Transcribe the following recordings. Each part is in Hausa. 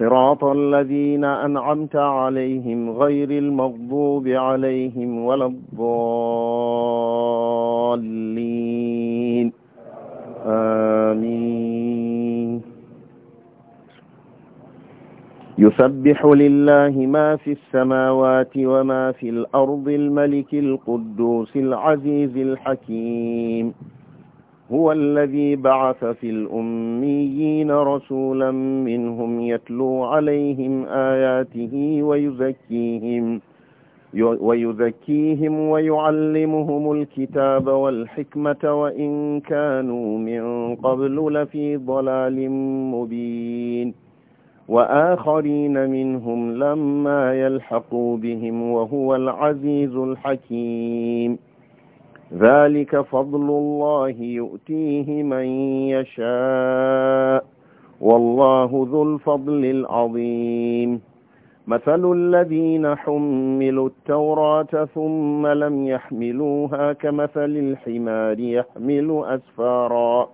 صراط الذين أنعمت عليهم غير المغضوب عليهم ولا الضالين آمين يسبح لله ما في السماوات وما في الأرض الملك القدوس العزيز الحكيم هو الذي بعث في الأميين رسولا منهم يتلو عليهم آياته ويزكيهم ويزكيهم ويعلمهم الكتاب والحكمة وإن كانوا من قبل لفي ضلال مبين وآخرين منهم لما يلحقوا بهم وهو العزيز الحكيم ذلك فضل الله يؤتيه من يشاء والله ذو الفضل العظيم مثل الذين حملوا التوراة ثم لم يحملوها كمثل الحمار يحمل أسفارا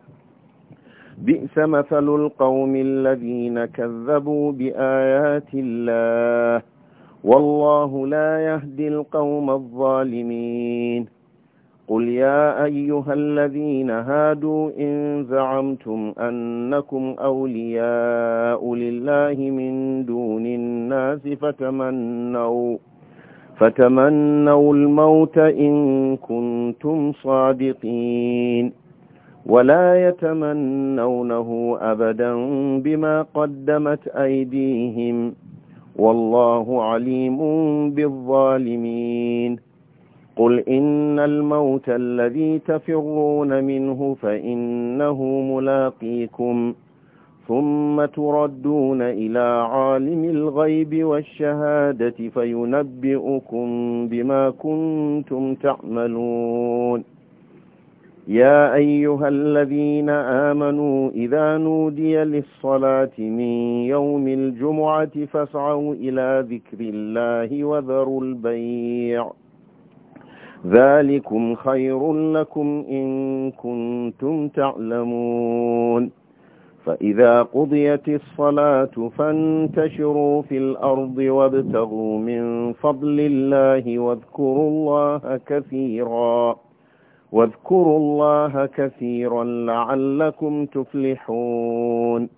بئس مثل القوم الذين كذبوا بآيات الله والله لا يهدي القوم الظالمين قل يا أيها الذين هادوا إن زعمتم أنكم أولياء لله من دون الناس فتمنوا فتمنوا الموت إن كنتم صادقين ولا يتمنونه أبدا بما قدمت أيديهم والله عليم بالظالمين قل إن الموت الذي تفرون منه فإنه ملاقيكم ثم تردون إلى عالم الغيب والشهادة فينبئكم بما كنتم تعملون يا أيها الذين آمنوا إذا نودي للصلاة من يوم الجمعة فاسعوا إلى ذكر الله وذروا البيع ذلكم خير لكم إن كنتم تعلمون فإذا قضيت الصلاة فانتشروا في الأرض وابتغوا من فضل الله واذكروا الله كثيرا واذكروا الله كثيرا لعلكم تفلحون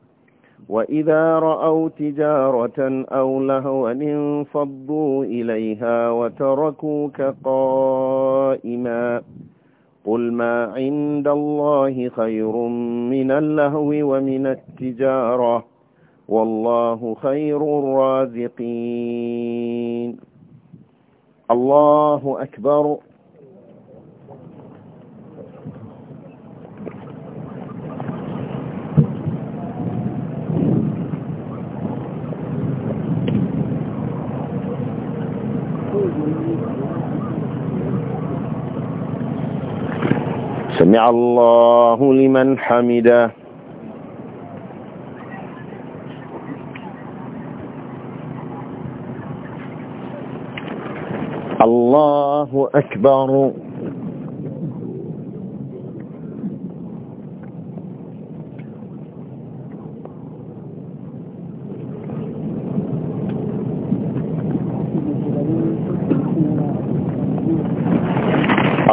وإذا رأوا تجارة أو لهوا انفضوا إليها وتركوك قائما قل ما عند الله خير من اللهو ومن التجارة والله خير الرازقين الله أكبر الله لمن حمده الله أكبر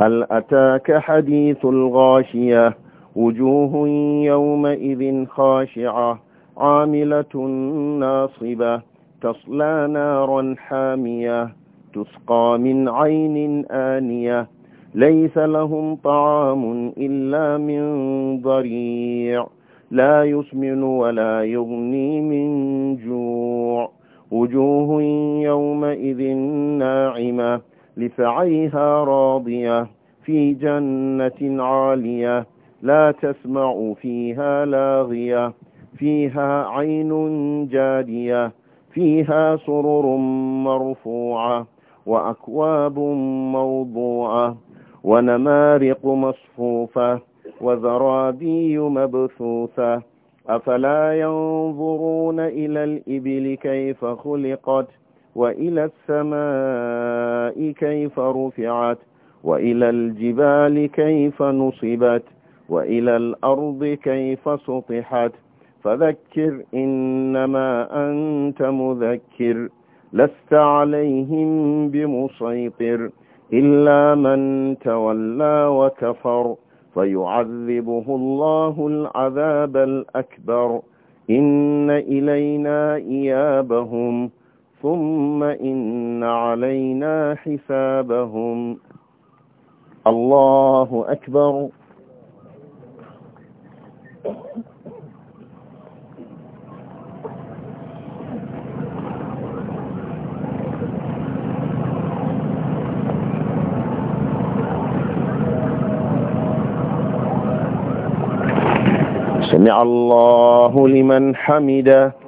هل أتاك حديث الغاشية وجوه يومئذ خاشعة عاملة ناصبة تصلى نارا حامية تسقى من عين آنية ليس لهم طعام إلا من ضريع لا يسمن ولا يغني من جوع وجوه يومئذ ناعمة لسعيها راضية في جنة عالية لا تسمع فيها لاغية فيها عين جادية فيها سرر مرفوعة وأكواب موضوعة ونمارق مصفوفة وزرابي مبثوثة أفلا ينظرون إلى الإبل كيف خلقت وإلى السماء كيف رفعت وإلى الجبال كيف نصبت وإلى الأرض كيف سطحت فذكر إنما أنت مذكر لست عليهم بمسيطر إلا من تولى وكفر فيعذبه الله العذاب الأكبر إن إلينا إيابهم ثم إن علينا حسابهم الله أكبر سمع الله لمن حمده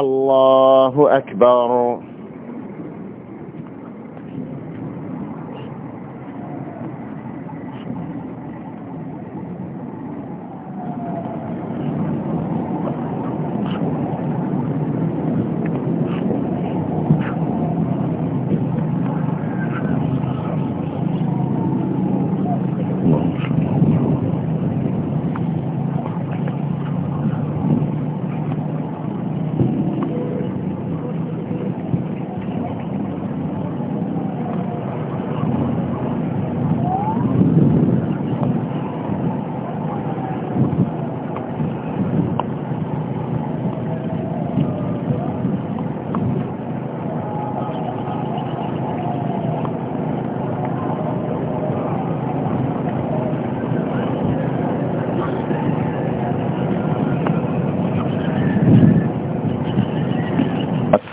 الله أكبر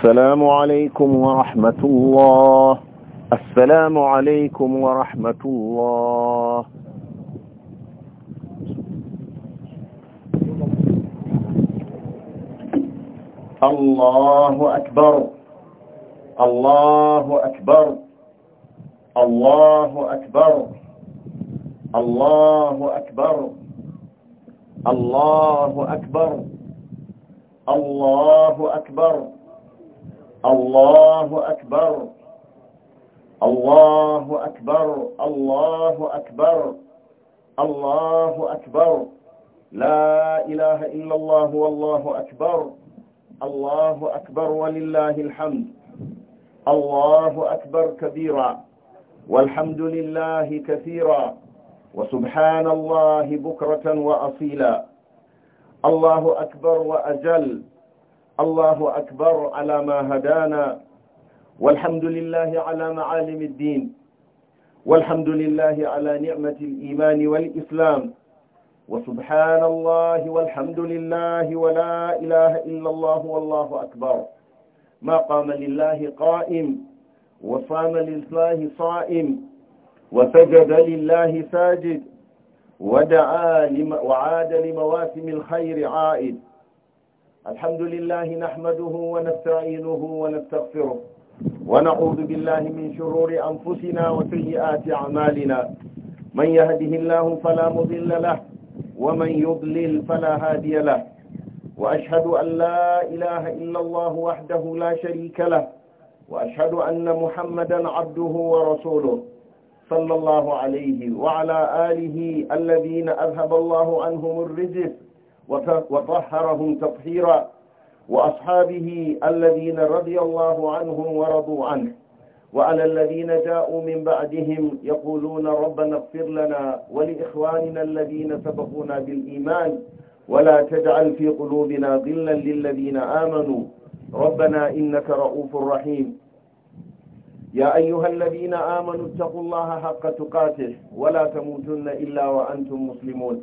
السلام عليكم ورحمة الله السلام عليكم ورحمة الله الله أكبر الله أكبر الله أكبر الله أكبر الله أكبر الله أكبر الله أكبر الله أكبر الله أكبر الله أكبر لا إله إلا الله والله أكبر الله أكبر ولله الحمد الله أكبر كبيرا والحمد لله كثيرا وسبحان الله بكرة وأصيلا الله أكبر وأجل الله أكبر على ما هدانا والحمد لله على معالم الدين والحمد لله على نعمة الإيمان والإسلام وسبحان الله والحمد لله ولا إله إلا الله والله أكبر ما قام لله قائم وصام لله صائم وسجد لله ساجد ودعا لم وعاد لمواسم الخير عائد الحمد لله نحمده ونستعينه ونستغفره ونعوذ بالله من شرور أنفسنا وسيئات أعمالنا من يهده الله فلا مضل له ومن يضلل فلا هادي له وأشهد أن لا إله إلا الله وحده لا شريك له وأشهد أن محمدا عبده ورسوله صلى الله عليه وعلى آله الذين أذهب الله عنهم الرجس وطهرهم تطهيرا وأصحابه الذين رضي الله عنهم ورضوا عنه وعلى الذين جاءوا من بعدهم يقولون ربنا اغفر لنا ولإخواننا الذين سبقونا بالإيمان ولا تجعل في قلوبنا ظلا للذين آمنوا ربنا إنك رؤوف رحيم يا أيها الذين آمنوا اتقوا الله حق تقاته ولا تموتن إلا وأنتم مسلمون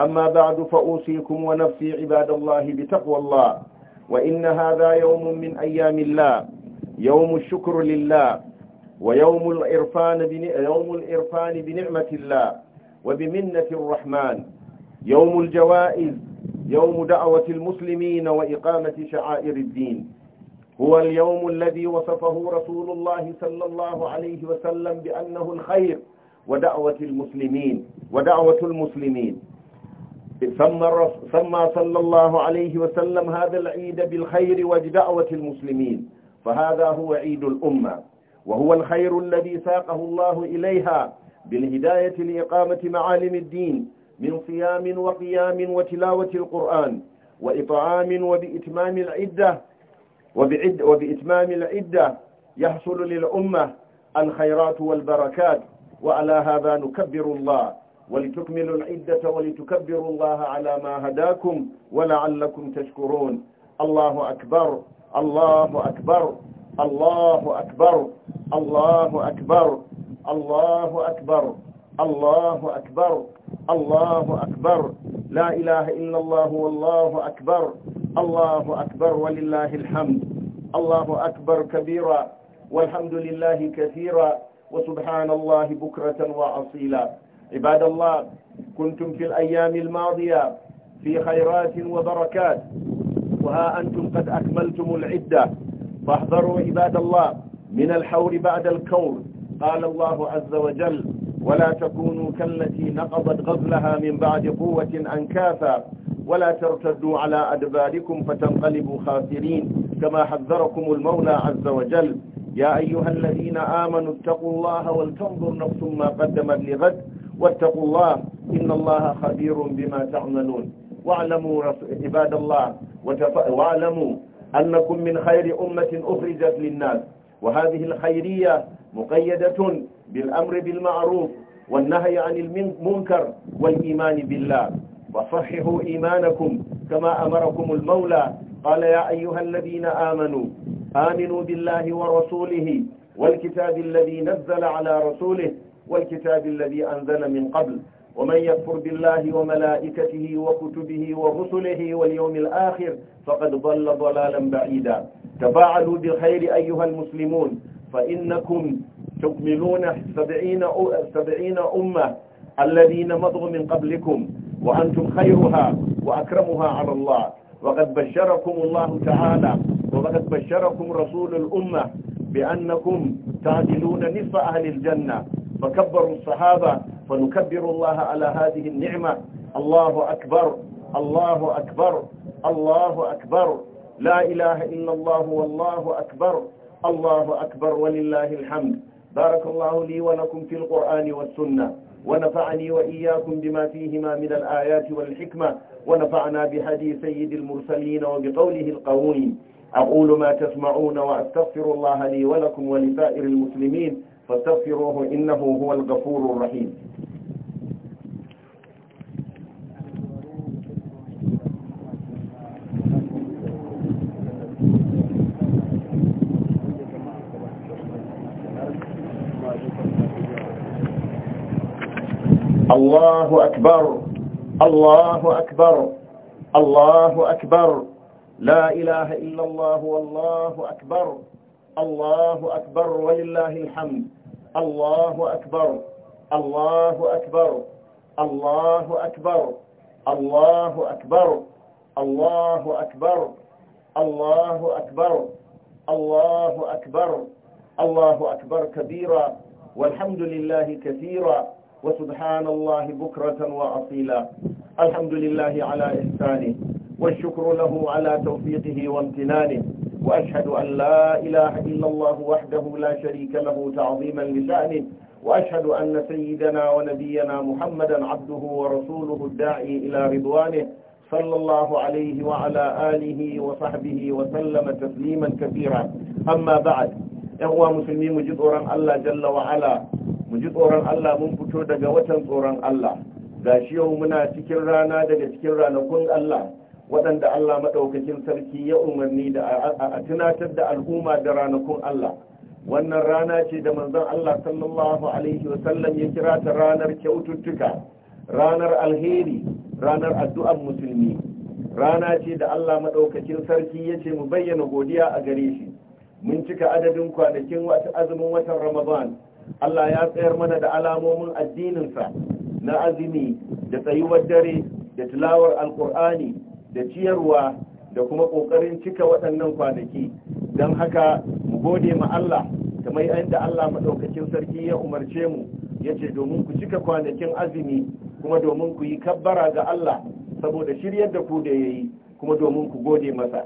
أما بعد فأوصيكم ونفسي عباد الله بتقوى الله وإن هذا يوم من أيام الله يوم الشكر لله ويوم الإرفان يوم الإرفان بنعمة الله وبمنة الرحمن يوم الجوائز يوم دعوة المسلمين وإقامة شعائر الدين هو اليوم الذي وصفه رسول الله صلى الله عليه وسلم بأنه الخير ودعوة المسلمين ودعوة المسلمين ثم سمى صلى الله عليه وسلم هذا العيد بالخير ودعوة المسلمين فهذا هو عيد الأمة وهو الخير الذي ساقه الله إليها بالهداية لإقامة معالم الدين من صيام وقيام وتلاوة القرآن وإطعام وبإتمام العدة وبعد وبإتمام العدة يحصل للأمة الخيرات والبركات وعلى هذا نكبر الله ولتكملوا العدة ولتكبروا الله على ما هداكم ولعلكم تشكرون الله أكبر الله أكبر الله أكبر الله أكبر الله أكبر الله أكبر الله أكبر لا إله إلا الله والله أكبر الله أكبر ولله الحمد الله أكبر كبيرا والحمد لله كثيرا وسبحان الله بكرة وأصيلا عباد الله كنتم في الأيام الماضية في خيرات وبركات وها أنتم قد أكملتم العدة فاحذروا عباد الله من الحور بعد الكور قال الله عز وجل ولا تكونوا كالتي نقضت غزلها من بعد قوة أنكاثا ولا ترتدوا على أدباركم فتنقلبوا خاسرين كما حذركم المولى عز وجل يا أيها الذين آمنوا اتقوا الله ولتنظر نفس ما قدمت لغد واتقوا الله إن الله خبير بما تعملون واعلموا عباد الله واعلموا أنكم من خير أمة أخرجت للناس وهذه الخيرية مقيدة بالأمر بالمعروف والنهي عن المنكر والإيمان بالله وصححوا إيمانكم كما أمركم المولى قال يا أيها الذين آمنوا آمنوا بالله ورسوله والكتاب الذي نزل على رسوله والكتاب الذي أنزل من قبل ومن يكفر بالله وملائكته وكتبه ورسله واليوم الآخر فقد ضل ضلالا بعيدا تفاعلوا بالخير أيها المسلمون فإنكم تكملون سبعين, سبعين أمة الذين مضوا من قبلكم وأنتم خيرها وأكرمها على الله وقد بشركم الله تعالى وقد بشركم رسول الأمة بأنكم تعدلون نصف أهل الجنة فكبروا الصحابة فنكبر الله على هذه النعمة الله أكبر الله أكبر الله أكبر لا إله إلا الله والله أكبر الله أكبر ولله الحمد بارك الله لي ولكم في القرآن والسنة ونفعني وإياكم بما فيهما من الآيات والحكمة ونفعنا بهدي سيد المرسلين وبقوله القويم أقول ما تسمعون وأستغفر الله لي ولكم ولسائر المسلمين فاستغفروه إنه هو الغفور الرحيم الله أكبر الله أكبر الله أكبر لا إله إلا الله والله أكبر الله أكبر ولله الحمد الله أكبر الله أكبر الله أكبر الله أكبر الله أكبر الله أكبر الله أكبر الله أكبر كبيرا والحمد لله كثيرا وسبحان الله بكرة وأصيلا الحمد لله على إحسانه والشكر له على توفيقه وامتنانه وأشهد أن لا إله إلا الله وحده لا شريك له تعظيما لشأنه وأشهد أن سيدنا ونبينا محمدا عبده ورسوله الداعي إلى رضوانه صلى الله عليه وعلى آله وصحبه وسلم تسليما كثيرا أما بعد إخوة مسلمين مجد أوران الله جل وعلا مجد أوران الله من فتودك وتنص أوران الله gashi yau muna cikin rana daga cikin ranakun Allah waɗanda Allah maɗaukakin sarki ya umarni da a tunatar da al'umma da ranakun Allah wannan rana ce da manzon Allah sallallahu alaihi wasallam ya kira ta ranar kyaututtuka ranar alheri ranar addu'ar musulmi rana ce da Allah maɗaukakin sarki ya ce mu bayyana godiya a gare shi mun cika adadin kwanakin wata azumin watan ramadan Allah ya tsayar mana da alamomin addininsa na azumi da tsayuwar dare da tilawar alkur'ani da ciyarwa da kuma ƙoƙarin cika waɗannan kwanaki don haka mu gode ma Allah kamai yadda Allah maɗaukakin sarki ya umarce mu ya ce domin ku cika kwanakin azumi kuma domin ku yi kabbara ga Allah saboda shiryar da ku da ya yi kuma domin ku gode masa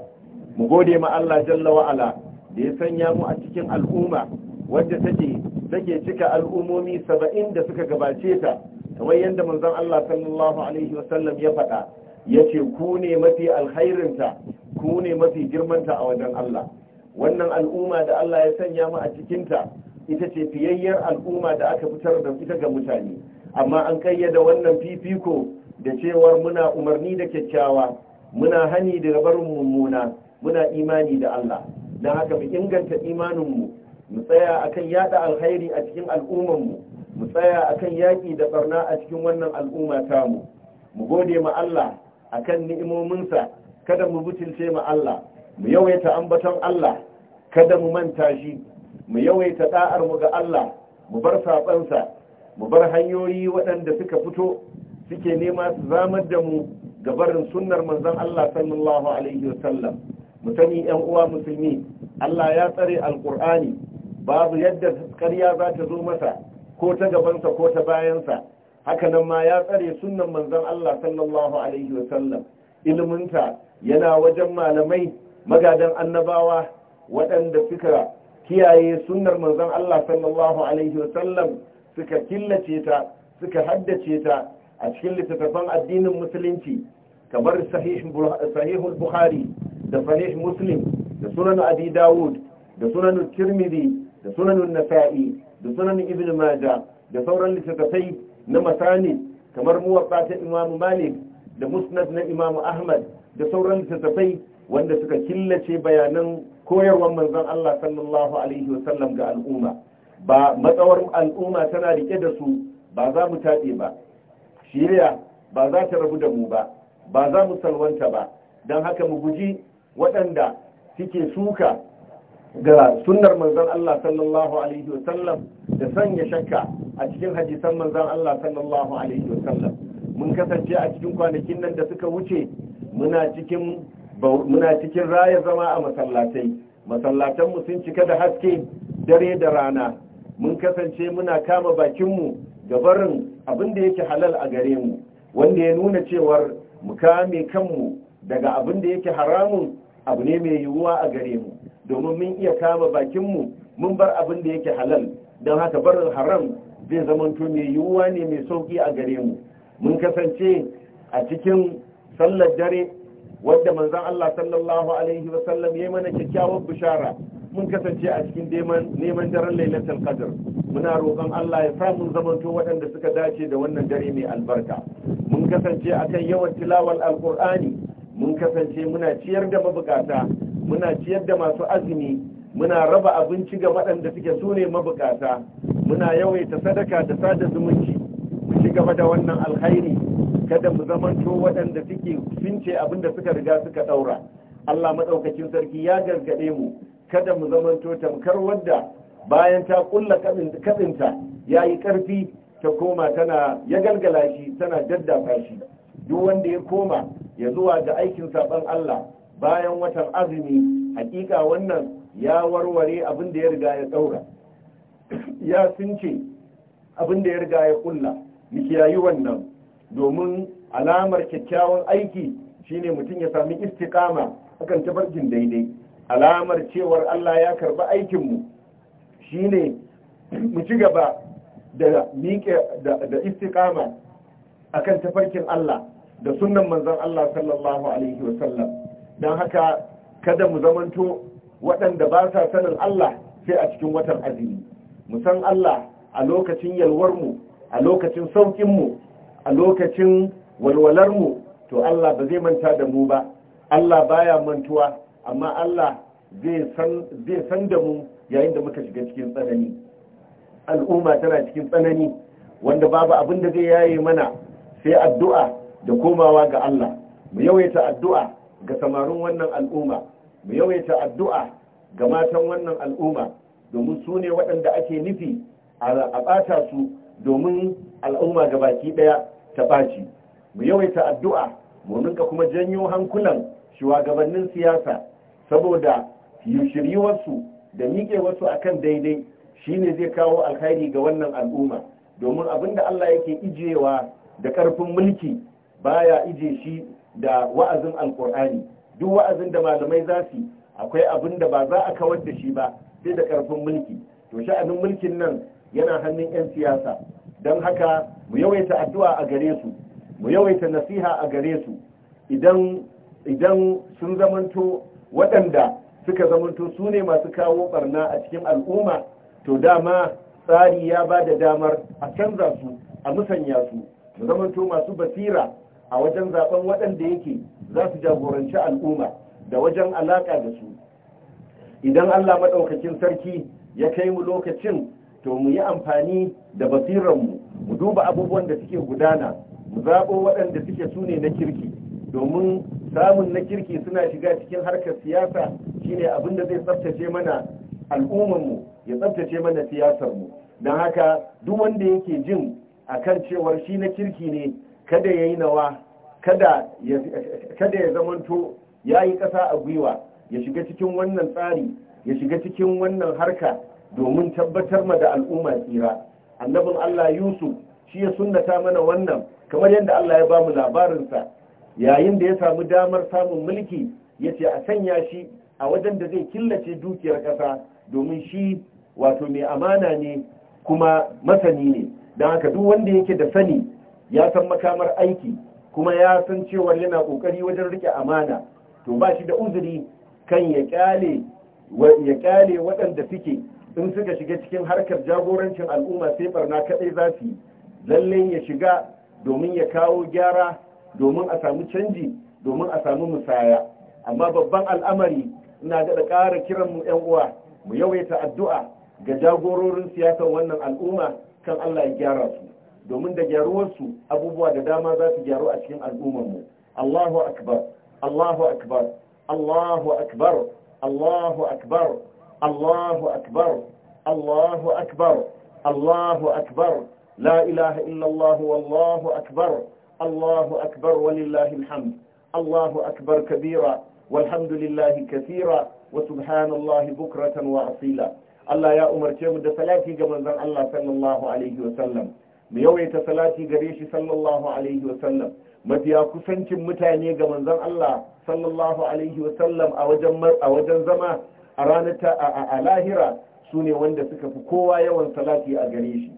mu gode ma Allah jalla wa'ala da ya sanya mu a cikin al'umma wadda take take cika al'umomi saba'in da suka gabace ta kamar yadda manzon Allah sallallahu alaihi wa sallam ya faɗa ya ce ku ne mafi alkhairinta ku ne mafi girmanta a wajen Allah wannan al'umma da Allah ya sanya mu a cikinta ita ce fiyayyar al'umma da aka fitar da ita ga mutane amma an kayyada wannan fifiko da cewar muna umarni da kyakkyawa muna hani da barin mummuna muna imani da Allah don haka mu inganta imaninmu mu tsaya akan yada alkhairi a cikin al'ummarmu mu tsaya akan yaƙi da barna a cikin wannan al'umma tamu mu gode ma Allah akan ni'imominsa kada mu butulce ma Allah mu yawaita ambaton Allah kada mu manta shi mu yawaita da'ar mu ga Allah mu bar sabansa mu bar hanyoyi waɗanda suka fito suke nema su zamar da mu ga barin sunnar manzon Allah sallallahu alaihi wasallam mu sani yan uwa musulmi Allah ya tsare alqur'ani babu yadda ƙarya za ta zo masa ko ta gabansa ko ta bayansa hakanan ma ya tsare sunnan manzon Allah sallallahu alaihi sallam iliminta yana wajen malamai magadan annabawa waɗanda suka kiyaye sunnar manzon Allah sallallahu alaihi sallam suka killace ta suka haddace ta a cikin littattafan addinin musulunci kamar sahihul bukhari da sahih muslim da sunan abi dawud da sunan tirmidhi da sunan nasa'i da sunan ibn majah da sauran littattafai na masani kamar muwatta ta imamu malik da musnad na imamu ahmad da sauran littattafai wanda suka killace bayanan koyarwar manzon Allah sallallahu alaihi wasallam ga al'umma ba matsawar al'umma tana rike da su ba za mu tabe ba shirya ba za ta rabu da mu ba ba za mu salwanta ba don haka mu guji waɗanda suke suka ga sunnar manzon Allah sallallahu alaihi wasallam da sanya shakka a cikin hadisan manzon Allah sallallahu alaihi wasallam mun kasance a cikin kwanakin nan da suka wuce muna cikin muna cikin raya zama a masallatai masallatanmu sun cika da haske dare da rana mun kasance muna kama bakinmu ga barin abin da yake halal a gare mu wanda ya nuna cewar mu kame kanmu daga abin da yake haramun abu ne mai yiwuwa a gare mu domin mun iya kama bakinmu mun bar abin da yake halal don haka barin haram zai zamanto mai yiwuwa ne mai sauki a gare mu mun kasance a cikin sallar dare wadda manzan Allah sallallahu alaihi wasallam ya mana kyakkyawar bishara mun kasance a cikin neman daren lailatul qadr muna roƙon Allah ya samu zamanto waɗanda suka dace da wannan dare mai albarka mun kasance akan yawan tilawar alqur'ani mun kasance muna ciyar da mabukata muna ciyar da masu azumi muna raba abinci ga waɗanda suke su ne mabukata muna yawaita sadaka da sada zumunci mu ci gaba da wannan alkhairi kada mu to waɗanda suke fince abin da suka riga suka ɗaura Allah maɗaukacin sarki ya gargaɗe mu kada mu zamanto tamkar wadda bayan ta kulla katsinta ya yi ƙarfi ta koma tana ya galgala shi tana daddafa shi duk wanda ya koma ya zuwa ga aikin saɓan Allah bayan watan azumi hakika wannan ya warware abin da ya riga ya daura ya sunce abin da ya riga ya kulla yayi wannan domin alamar kyakkyawan aiki shine mutum ya sami istiqama akan tabarjin daidai alamar cewar Allah ya karba aikinmu shine mu ci gaba da miƙe da istiqama akan tafarkin Allah da sunnan manzon Allah sallallahu alaihi wasallam don haka kada mu zamanto waɗanda ba sa sanin Allah sai a cikin watan azumi mu san Allah a lokacin yalwar mu, a lokacin mu, a lokacin walwalarmu to Allah ba zai manta da mu ba Allah baya mantuwa amma Allah zai san da mu yayin da muka shiga cikin tsanani al'umma tana cikin tsanani wanda babu abin da zai yaye mana sai addu'a da komawa ga Allah mu yawaita addu'a ga samarin wannan al'umma mu yawaita addu'a ga matan wannan al'umma domin su ne waɗanda ake nufi a ɓata su domin al'umma ga baki ɗaya ta ɓaci mu yawaita addu'a mu ninka kuma janyo hankulan shugabannin siyasa saboda shiryuwarsu da miƙewarsu kan daidai shine zai kawo alkhairi ga wannan al'umma domin abin da Allah yake ijewa da ƙarfin mulki baya ije shi da wa'azin alkur'ani duk wa'azin da malamai za su akwai abin da ba za a kawar da shi ba sai da ƙarfin mulki to sha'anin mulkin nan yana hannun 'yan siyasa don haka mu yawaita addu'a a gare su mu yawaita nasiha a gare su idan sun zamanto waɗanda suka zamanto su ne masu kawo barna a cikin al'umma to dama tsari ya ba da damar a canza su a musanya su mu zamanto masu basira a wajen zaben waɗanda yake za su jagoranci al'umma da wajen alaƙa da su idan Allah maɗaukakin sarki ya kai mu lokacin to mu yi amfani da basiranmu mu duba abubuwan da suke gudana mu zaɓo waɗanda suke su ne na kirki domin samun na kirki suna shiga cikin harkar siyasa shine abin da zai tsaftace mana al'ummanmu ya tsaftace mana siyasarmu don haka duk wanda yake jin akan cewar shi na kirki ne kada ya yi nawa kada ya zamanto ya yi ƙasa a gwiwa ya shiga cikin wannan tsari ya shiga cikin wannan harka domin tabbatar ma da al'umma tsira annabin Allah Yusuf shi ya sunnata mana wannan kamar yadda Allah ya ba mu labarinsa yayin da ya samu damar samun mulki ya ce a sanya shi a wajen da zai killace dukiyar ƙasa domin shi wato mai amana ne kuma masani ne don haka duk wanda yake da sani ya san makamar aiki kuma ya san cewar yana kokari wajen rike amana to ba shi da uzuri kan ya kyale ya kyale waɗanda suke in suka shiga cikin harkar jagorancin al'umma sai barna kadai za su lalle ya shiga domin ya kawo gyara domin a samu canji domin a samu musaya amma babban al'amari ina da ƙara kiran mu ƴan uwa mu yawaita addu'a ga jagororin siyasar wannan al'umma kan Allah ya gyara su domin da gyaruwarsu abubuwa da dama za su gyaru a cikin al'ummarmu Allahu akbar Allahu akbar Allahu akbar Allahu akbar Allahu akbar Allahu akbar Allahu akbar la ilaha illa Allah wallahu akbar Allahu akbar walillahi alhamd Allahu akbar kabira والحمد لله كثيرا وسبحان الله بكرة asila الله يا أمر جمد da salati ga manzon Allah sallallahu alaihi wa mu yawaita salati gare shi sallallahu alaihi wasallam mafiya kusancin mutane ga manzon Allah sallallahu alaihi wasallam a wajen a wajen zama a ranar ta a lahira sune wanda suka fi kowa yawan salati a gare shi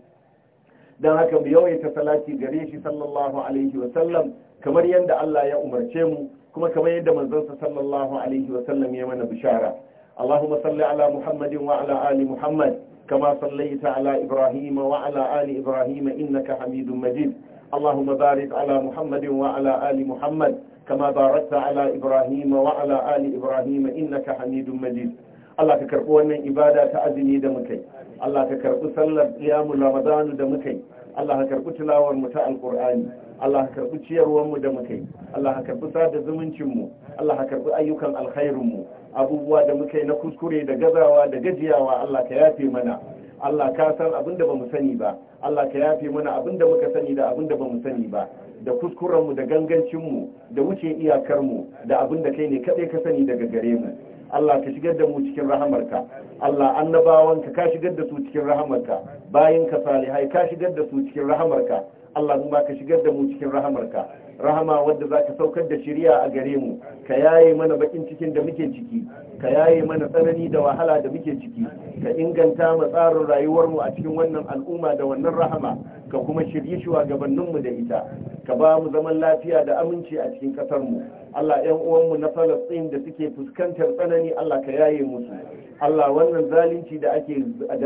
dan haka mu yawaita salati gare shi sallallahu alaihi wasallam kamar yadda Allah ya umarce mu kuma kamar yadda manzonsa sallallahu alaihi wasallam ya mana bishara Allahumma salli ala Muhammadin wa'ala ali Muhammad كما صليت على إبراهيم وعلى آل إبراهيم إنك حميد مجيد اللهم بارك على محمد وعلى آل محمد كما باركت على إبراهيم وعلى آل إبراهيم إنك حميد مجيد Allah ka karɓi wannan ibada ta azumi da muka yi Allah ka karɓi sallar qiyamul ramadan da muka yi Allah ka karɓi tilawar mu ta alƙur'ani Allah ka karɓi ciyarwar mu da muke. Allah ka karɓi sada zumuncin mu Allah ka karɓi ayyukan alkhairin mu abubuwa da muke na kuskure da gazawa da gajiyawa Allah ka yafe mana Allah ka san abin da bamu sani ba Allah ka yafe mana abin da muka sani da abin da bamu sani ba da kuskuren mu da gangancin mu da wuce iyakar mu da abin da kai ne kaɗai ka sani daga gare mu Allah ka shigar da mu cikin rahamarka Allah annabawanka ka shigar da su cikin rahamarka bayinka salihai ka shigar da su cikin rahamarka Allah mu ka shigar da mu cikin rahamarka rahama wadda za ka saukar da shiriya a gare mu ka yaye mana bakin cikin da muke ciki ka yaye mana tsanani da wahala da muke ciki ka inganta mu tsarin mu a cikin wannan al'umma da wannan rahama ka kuma shirye mu da ita ka ba mu zaman lafiya da aminci a cikin kasar mu Allah ‘yan uwanmu na ɗin da suke fuskantar tsanani Allah ka yaye musu Allah wannan zalunci da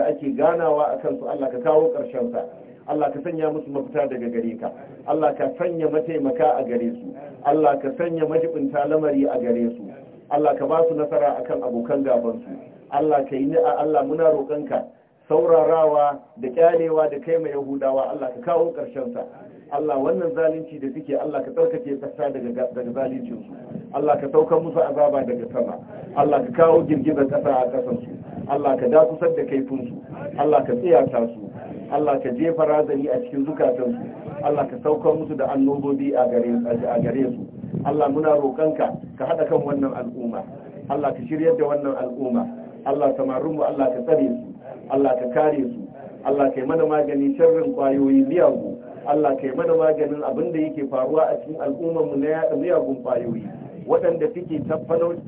ake ganawa a kansu Allah ka kawo sa. Allah ka sanya musu mafita daga gare ka Allah ka sanya mataimaka a gare su Allah ka sanya majibinta lamari a gare su Allah ka ba su nasara akan abokan gaban su Allah ka yi ni'a. Allah muna roƙonka saurarawa da kyalewa da kai mai yahudawa Allah ka kawo ƙarshen sa Allah wannan zalunci da suke Allah ka tsarkake kasa daga daga zalincin su Allah ka saukar musu azaba daga sama Allah ka kawo girgizar kasa a kasan su Allah ka dakusar da kaifin su Allah ka tsiyata su Allah ka jefa razani a cikin zukatansu Allah ka sauka musu da annobobi a gare su Allah muna roƙonka ka haɗa kan wannan al'umma Allah ka shiryar da wannan al'umma Allah samarinmu Allah ka tsare su Allah ka kare su Allah ka yi mana magani sharrin kwayoyi miyagu Allah ka yi mana maganin abin da yake faruwa a cikin mu na yaɗa miyagun kwayoyi waɗanda suke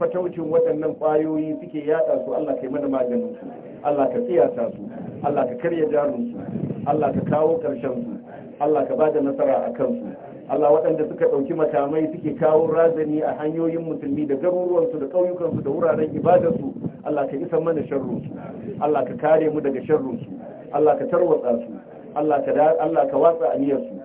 fataucin waɗannan kwayoyi suke yaɗa su Allah ka yi mana maganin su Allah ka tsiyata su Allah ka karya jarinsu. Allah ka kawo ƙarshen su Allah ka bada nasara a kansu Allah waɗanda suka ɗauki makamai suke kawo razani a hanyoyin musulmi da garuruwansu da ƙauyukansu da wuraren ibadarsu Allah ka isa mana sharrunsu Allah ka kare mu daga sharrunsu Allah ka tarwatsa su Allah ka Allah ka watsa aniyarsu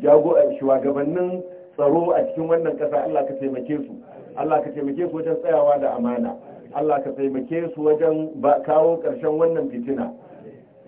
jago a shugabannin tsaro a cikin wannan ƙasa Allah ka taimake su Allah ka taimake su wajen tsayawa da amana Allah ka taimake su wajen kawo ƙarshen wannan fitina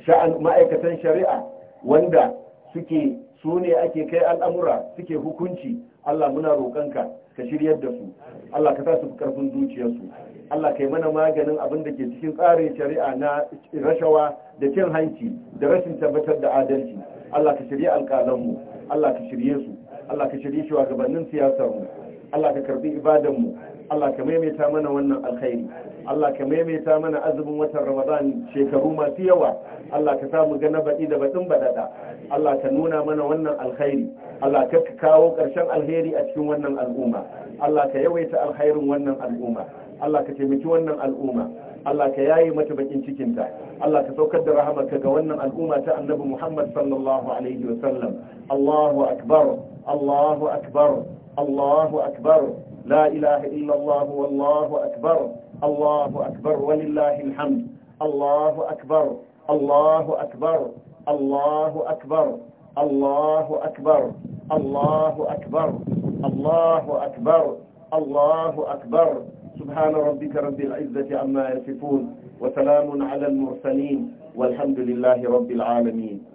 sha'an ma'aikatan shari'a wanda suke su ne ake kai al'amura suke hukunci Allah muna roƙonka ka shiryar da su Allah ka sa su karfin zuciyarsu Allah kai mana maganin abin da ke cikin tsarin shari'a na rashawa da cin hanci da rashin tabbatar da adalci Allah ka shirye alƙalanmu Allah ka shirye su Allah ka shirye shugabannin siyasarmu Allah ka karbi ibadanmu Allah ka maimaita mana wannan alkhairi Allah ka maimaita mana azumin watan Ramadan shekaru masu yawa Allah ka samu ga na baɗi da baɗin baɗaɗa Allah ka nuna mana wannan alkhairi Allah ka kawo ƙarshen alheri a cikin wannan al'umma Allah ka yawaita alkhairin wannan al'umma Allah ka taimaki wannan al'umma Allah ka yaye mata bakin cikinta Allah ka saukar da rahamarka ga wannan al'umma ta annabi Muhammad sallallahu alaihi wa sallam Allahu akbar Allahu akbar Allahu akbar la ilaha illa Allah wallahu akbar الله أكبر ولله الحمد الله أكبر الله أكبر الله أكبر الله أكبر الله أكبر الله أكبر الله أكبر سبحان ربك رب العزة عما يصفون وسلام على المرسلين والحمد لله رب العالمين